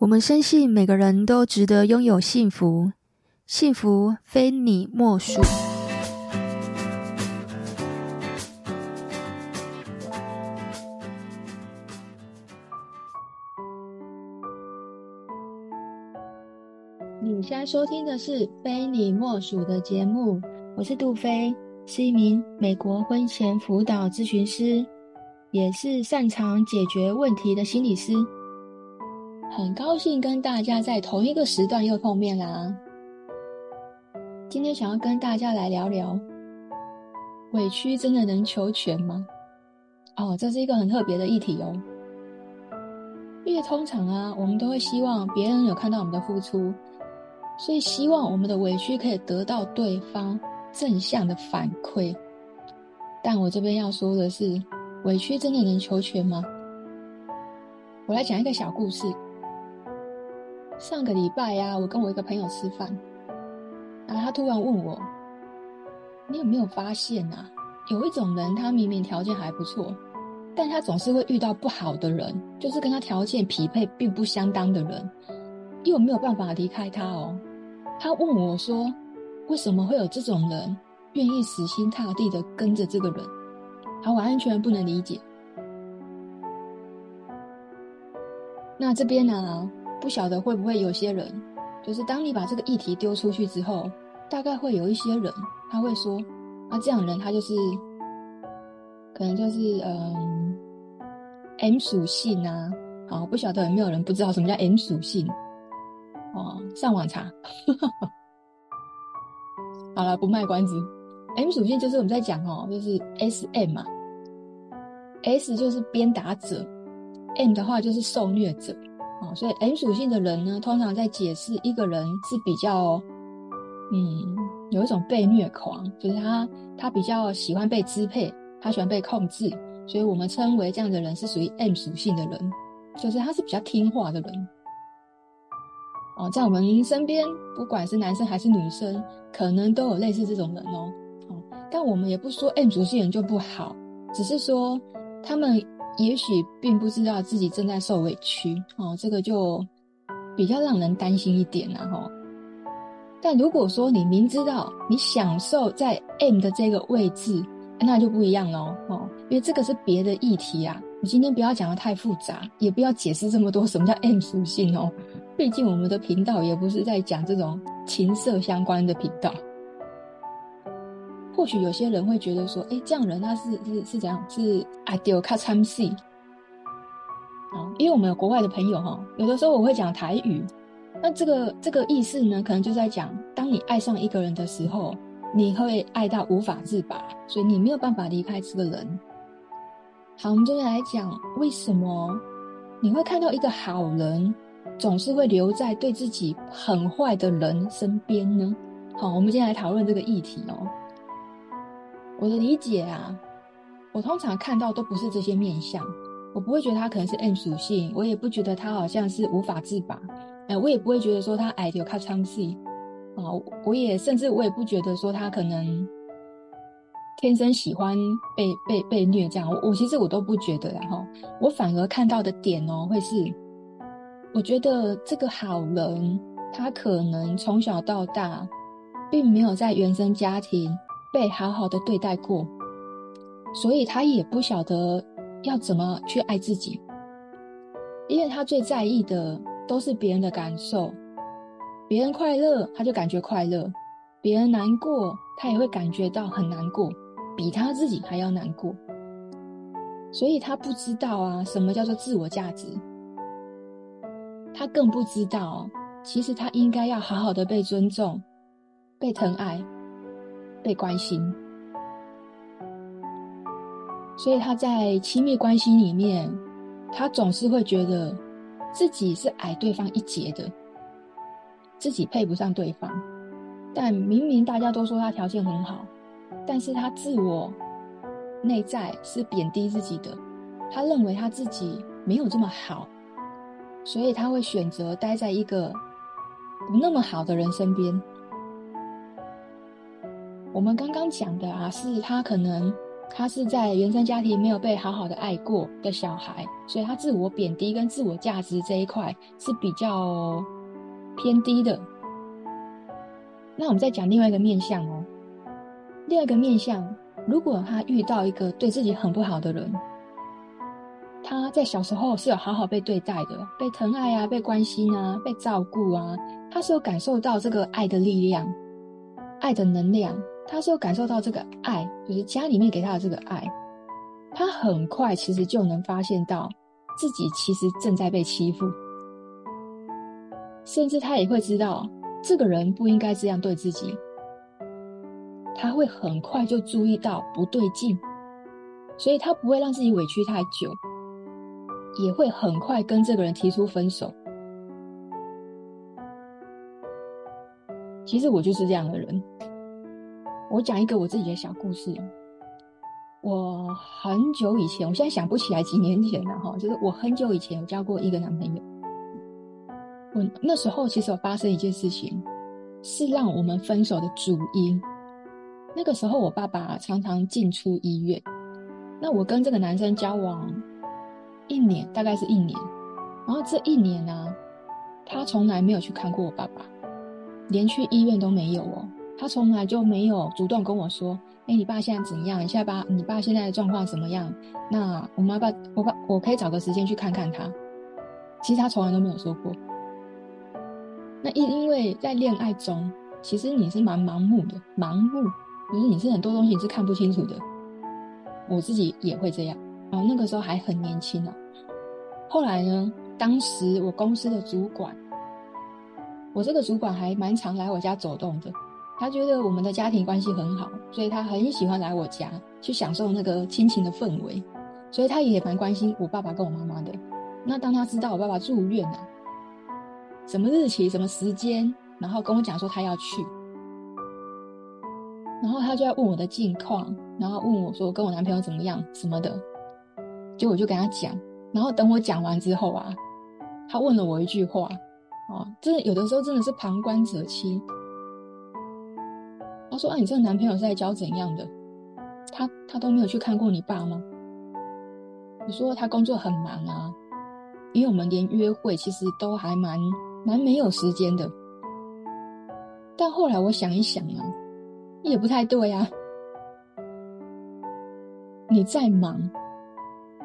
我們相信每個人都值得擁有幸福，幸福非你莫屬。你現在收聽的是《非你莫屬》的節目，我是杜飛，是一名美國婚前輔導諮詢師，也是擅長解決問題的心理師。很高興跟大家在同一個時段又碰面啦。今天想要跟大家來聊聊，委屈真的能求全嗎？哦，這是一個很特別的議題哦，因為通常啊，我們都會希望別人有看到我們的付出，所以希望我們的委屈可以得到對方正向的反饋。但我這邊要說的是，委屈真的能求全嗎？我來講一個小故事。上個禮拜啊，我跟我一個朋友吃飯，然後啊，他突然問我：“你有沒有發現啊？有一種人，他明明條件還不錯，但他總是會遇到不好的人，就是跟他條件匹配並不相當的人，又沒有辦法離開他哦。”他問我說：“為什麼會有這種人願意死心塌地的跟着這個人？”好，我完全不能理解。那這邊呢、啊？不曉得會不會有些人，就是當你把這個議題丟出去之後，大概會有一些人，他會說：“那、啊、這樣的人他就是，可能就是嗯，M 屬性吶、啊。”好，不曉得有沒有人不知道什麼叫 M 屬性哦？上網查。 好了，不賣關子，M 屬性就是我們在講哦，就是 S M 嘛，S 就是鞭打者，M 的話就是受虐者。哦，所以 M 屬性的人呢，通常在解釋一個人是比較，嗯，有一種被虐狂，就是他他比較喜歡被支配，他喜歡被控制，所以我們稱為這樣的人是屬於 M 屬性的人，就是他是比較聽話的人。哦，在我們身邊，不管是男生還是女生，可能都有類似這種人哦。哦，但我們也不說 M 屬性人就不好，只是說他們。也許並不知道自己正在受委屈哦，這個就比較讓人擔心一點了、啊、哈、哦。但如果說你明知道你享受在 M 的這個位置，那就不一樣了哦，因為這個是別的議題啊。你今天不要講得太複雜，也不要解釋這麼多什麼叫 M 屬性哦，畢竟我們的頻道也不是在講這種情色相關的頻道。或許有些人會覺得說：“哎、欸，這樣人他是是是怎樣？是愛到卡慘死啊？”因為我們有國外的朋友哈、喔，有的時候我會講台語，那這個這個意思呢，可能就在講：當你愛上一個人的時候，你會愛到無法自拔，所以你沒有辦法離開這個人。好，我們今天來講為什麼你會看到一個好人總是會留在對自己很壞的人身邊呢？好，我們今天來討論這個議題哦、喔。我的理解啊，我通常看到都不是這些面向，我不會覺得他可能是 M 屬性，我也不覺得他好像是無法自拔，哎、呃，我也不會覺得說他矮的有靠窗戲啊，我也甚至我也不覺得說他可能天生喜歡被被被虐這樣我，我其實我都不覺得，然後、哦、我反而看到的點哦，會是我覺得這個好人他可能從小到大並沒有在原生家庭，被好好的對待過，所以他也不曉得要怎麼去愛自己，因為他最在意的都是別人的感受，別人快樂他就感覺快樂，別人難過他也會感覺到很難過，比他自己還要難過，所以他不知道啊，什麼叫做自我價值，他更不知道，其實他應該要好好的被尊重，被疼愛，被關心，所以他在親密關係裡面，他總是會覺得自己是矮對方一截的，自己配不上對方。但明明大家都說他條件很好，但是他自我內在是貶低自己的，他認為他自己沒有這麼好，所以他會選擇待在一個不那麼好的人身邊。我們剛剛講的啊，是他可能他是在原生家庭沒有被好好的愛過的小孩，所以他自我貶低跟自我價值這一塊是比較偏低的。那我們再講另外一個面向哦，第二個面向，如果他遇到一個對自己很不好的人，他在小時候是有好好被對待的，被疼愛啊，被關心啊，被照顧啊，他是有感受到這個愛的力量，愛的能量。他所感受到這個愛，就是家裡面給他的這個愛，他很快其實就能發現到自己其實正在被欺負，甚至他也會知道這個人不應該這樣對自己，他會很快就注意到不對勁，所以他不會讓自己委屈太久，也會很快跟這個人提出分手。其實我就是這樣的人。我講一個我自己的小故事。我很久以前，我現在想不起來，幾年前了哈。就是我很久以前有交過一個男朋友。我那時候其實有發生一件事情，是讓我們分手的主因。那個時候我爸爸常常進出醫院，那我跟這個男生交往一年，大概是一年。然後這一年呢、啊，他從來沒有去看過我爸爸，連去醫院都沒有哦。他從來就沒有主動跟我說：“哎、欸，你爸現在怎樣？你現在你爸現在的狀況怎麼樣？那我媽爸，我爸，我可以找個時間去看看他。”其實他從來都沒有說過。那因因為在戀愛中，其實你是蠻盲目的，盲目，就、嗯、是你是很多東西你是看不清楚的。我自己也會這樣啊，然後那個時候還很年輕啊。後來呢，當時我公司的主管，我這個主管還蠻常來我家走動的。他覺得我們的家庭關係很好，所以他很喜歡來我家去享受那個親情的氛圍，所以他也蠻關心我爸爸跟我媽媽的。那當他知道我爸爸住院了，啊，什麼日期、什麼時間，然後跟我講說他要去，然後他就要問我的近況，然後問我說我跟我男朋友怎麼樣什麼的，就我就跟他講，然後等我講完之後啊，他問了我一句話，哦，啊，真的有的時候真的是旁觀者清。說啊，你這個男朋友是在教怎樣的？他他都沒有去看過你爸嗎？你說他工作很忙啊，因為我們連約會其實都還蠻蠻沒有時間的。但後來我想一想啊，也不太對啊。你再忙，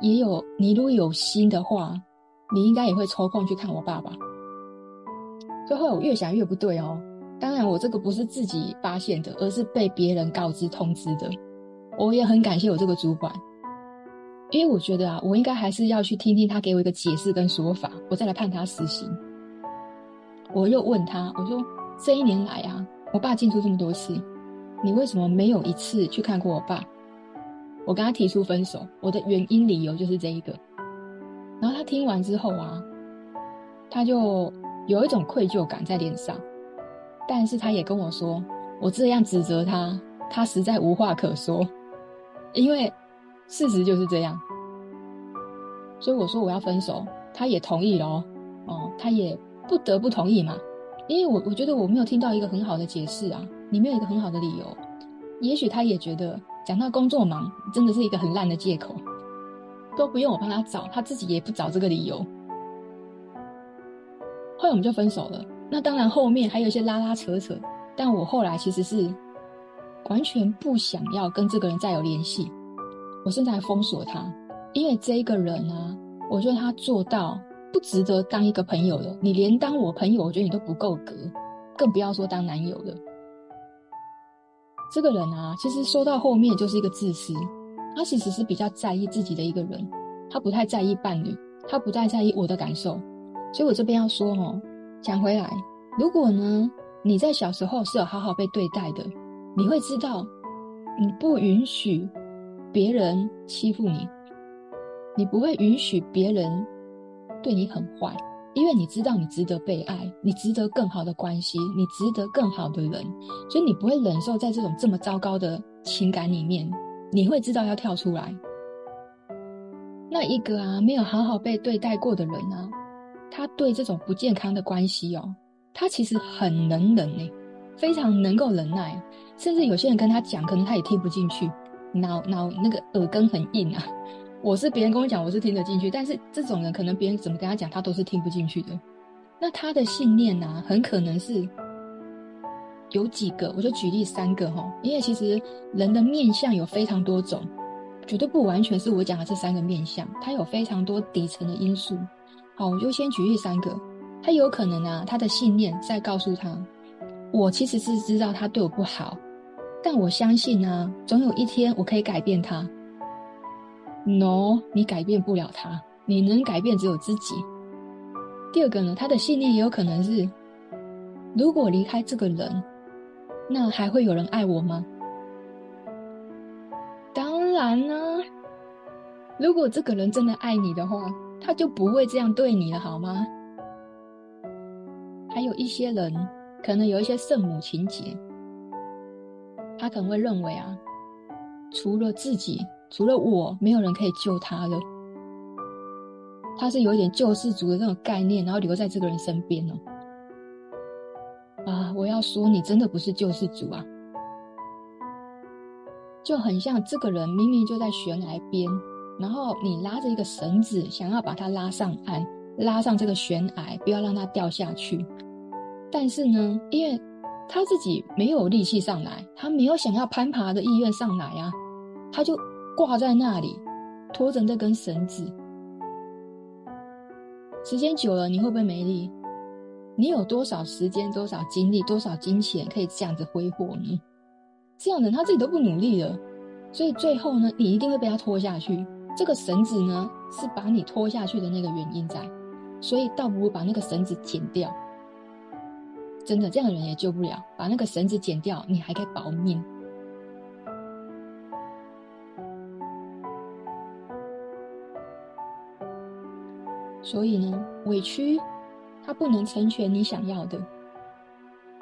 也有，你如果有心的話，你應該也會抽空去看我爸爸。最後我越想越不對哦。當然，我這個不是自己發現的，而是被別人告知通知的。我也很感謝我這個主管，因為我覺得啊，我應該還是要去聽聽他給我一個解釋跟說法，我再來判他死刑。我又問他，我說這一年來啊，我爸進出這麼多次，你為什麼沒有一次去看過我爸？我跟他提出分手，我的原因理由就是這一個。然後他聽完之後啊，他就有一種愧疚感在臉上。但是他也跟我說，我這樣指責他，他實在無話可說，因為事實就是這樣。所以我說我要分手，他也同意咯。哦，他也不得不同意嘛，因為我我覺得我沒有聽到一個很好的解釋啊，你沒有一個很好的理由。也許他也覺得講到工作忙真的是一個很爛的借口，都不用我幫他找，他自己也不找這個理由。後來我們就分手了。那當然，後面還有一些拉拉扯扯，但我後來其實是完全不想要跟這個人再有聯繫，我甚至還封鎖他，因為這一個人啊，我覺得他做到不值得當一個朋友了。你連當我朋友，我覺得你都不夠格，更不要說當男友了。這個人啊，其實說到後面就是一個自私，他其實是比較在意自己的一個人，他不太在意伴侶，他不太在意，不太在意我的感受，所以我這邊要說哈、哦。講回來，如果呢，你在小時候是有好好被對待的，你會知道你不允許別人欺負你，你不會允許別人對你很壞，因為你知道你值得被愛，你值得更好的關係，你值得更好的人，所以你不會忍受在這種這麼糟糕的情感裡面，你會知道要跳出來。那一個啊，沒有好好被對待過的人啊。他對這種不健康的關係哦，他其實很能忍呢，非常能夠忍耐，甚至有些人跟他講，可能他也聽不進去，腦腦那個耳根很硬啊。我是別人跟我講，我是聽得進去，但是這種人可能別人怎麼跟他講，他都是聽不進去的。那他的信念呢、啊，很可能是有幾個，我就舉例三個哈、哦，因為其實人的面相有非常多種，絕對不完全是我講的這三個面相，它有非常多底層的因素。好，我就先舉例三個。他有可能啊，他的信念在告訴他，我其實是知道他對我不好，但我相信啊，總有一天我可以改變他。No，你改變不了他，你能改變只有自己。第二個呢，他的信念也有可能是，如果離開這個人，那還會有人愛我嗎？當然呢、啊，如果這個人真的愛你的話。他就不會這樣對你了，好嗎？還有一些人，可能有一些聖母情結，他可能會認為啊，除了自己，除了我，沒有人可以救他的。他是有一點救世主的那種概念，然後留在這個人身邊哦。啊，我要說，你真的不是救世主啊，就很像這個人明明就在懸崖邊。然後你拉着一個繩子，想要把它拉上岸，拉上這個懸崖，不要讓它掉下去。但是呢，因為他自己沒有力氣上來，他沒有想要攀爬的意願上來啊，他就掛在那裡，拖着那根繩子。時間久了，你會不會沒力？你有多少時間、多少精力、多少金錢可以這樣子揮霍呢？這樣子他自己都不努力了，所以最後呢，你一定會被他拖下去。這個繩子呢，是把你拖下去的那個原因在，所以倒不如把那個繩子剪掉。真的，這樣的人也救不了。把那個繩子剪掉，你還可以保命。所以呢，委屈，他不能成全你想要的。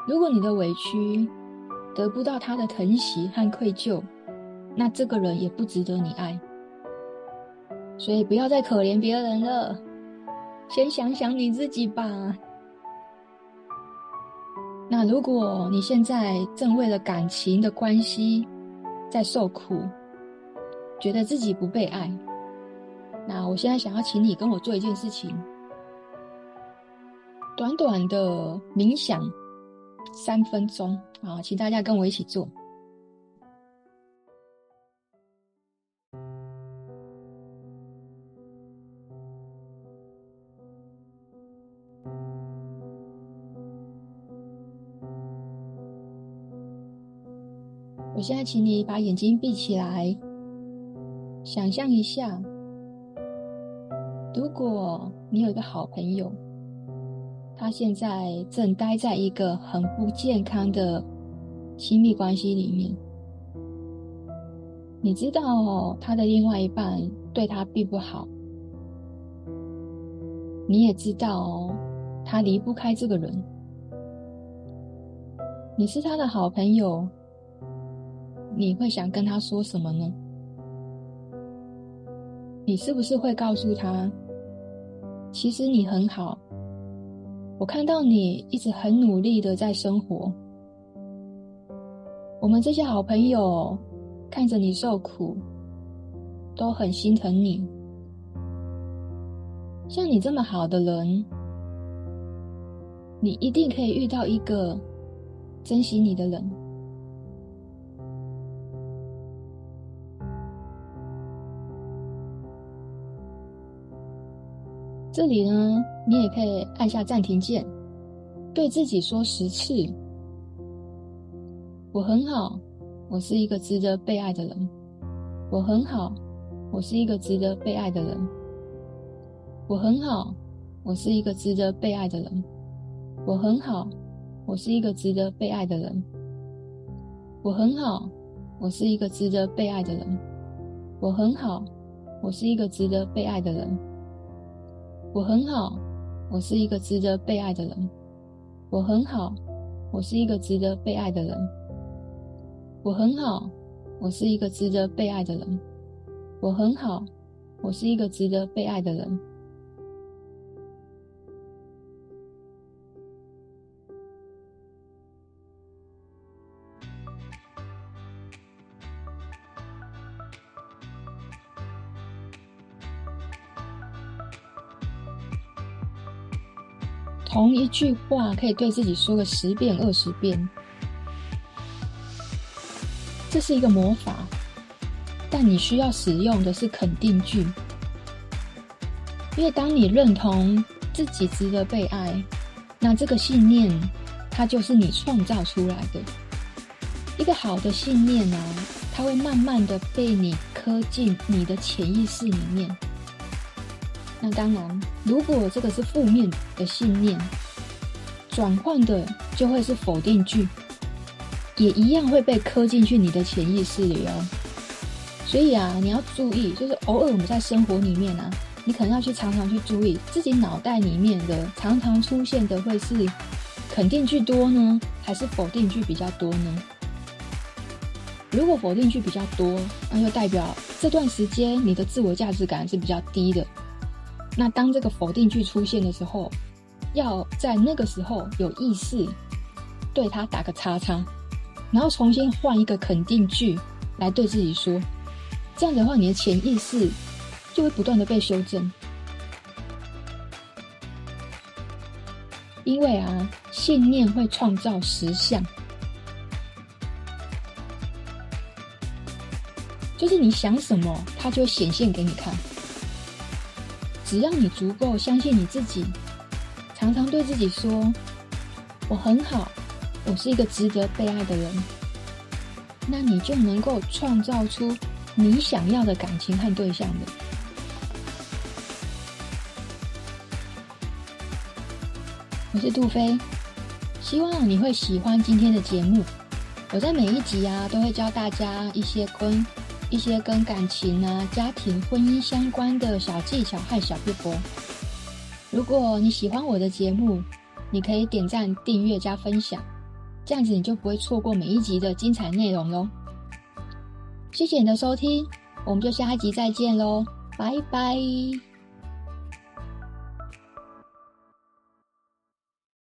如果你的委屈得不到他的疼惜和愧疚，那這個人也不值得你愛。所以不要再可憐別人了，先想想你自己吧。那如果你現在正為了感情的關係在受苦，覺得自己不被愛，那我現在想要請你跟我做一件事情，短短的冥想三分鐘啊，請大家跟我一起做。現在，請你把眼睛閉起來，想象一下，如果你有一個好朋友，他現在正待在一個很不健康的親密關係裡面，你知道他的另外一半對他並不好，你也知道他離不開這個人，你是他的好朋友。你會想跟他說什麼呢？你是不是會告訴他，其實你很好，我看到你一直很努力的在生活。我們這些好朋友看着你受苦，都很心疼你。像你這麼好的人，你一定可以遇到一個珍惜你的人。這裡呢，你也可以按下暫停鍵，對自己說十次：“我很好，我是一個值得被愛的人。”我很好，我是一個值得被愛的人。我很好，我是一個值得被愛的人。我很好，我是一個值得被愛的人。我很好，我是一個值得被愛的人。我很好，我是一個值得被愛的人。我很好，我是一個值得被愛的人。我很好，我是一個值得被愛的人。我很好，我是一個值得被愛的人。我很好，我是一個值得被愛的人。用一句話可以對自己說個十遍、二十遍，這是一個魔法。但你需要使用的是肯定句，因為當你認同自己值得被愛，那這個信念它就是你創造出來的。一個好的信念呢、啊，它會慢慢的被你刻進你的潛意識裡面。那當然，如果這個是負面的信念，轉換的就會是否定句，也一樣會被刻進去你的潛意識裡哦。所以啊，你要注意，就是偶爾我們在生活裡面啊，你可能要去常常去注意自己腦袋裡面的常常出現的會是肯定句多呢？還是否定句比較多呢？如果否定句比較多，那就代表這段時間你的自我價值感是比較低的。那當這個否定句出現的時候，要在那個時候有意識，對它打個叉叉，然後重新換一個肯定句來對自己說，這樣的話，你的潛意識就會不斷的被修正，因為啊，信念會創造實相，就是你想什麼，它就會顯現給你看。只要你足夠相信你自己，常常對自己說：“我很好，我是一個值得被愛的人。”那你就能夠創造出你想要的感情和對象的。我是杜飛，希望你會喜歡今天的節目。我在每一集啊，都會教大家一些關。一些跟感情啊、家庭、婚姻相關的小技巧和小撇步。如果你喜歡我的節目，你可以點贊、訂閱加分享，這樣子你就不會錯過每一集的精彩內容嘍。謝謝你的收聽，我們就下一集再見嘍，拜拜。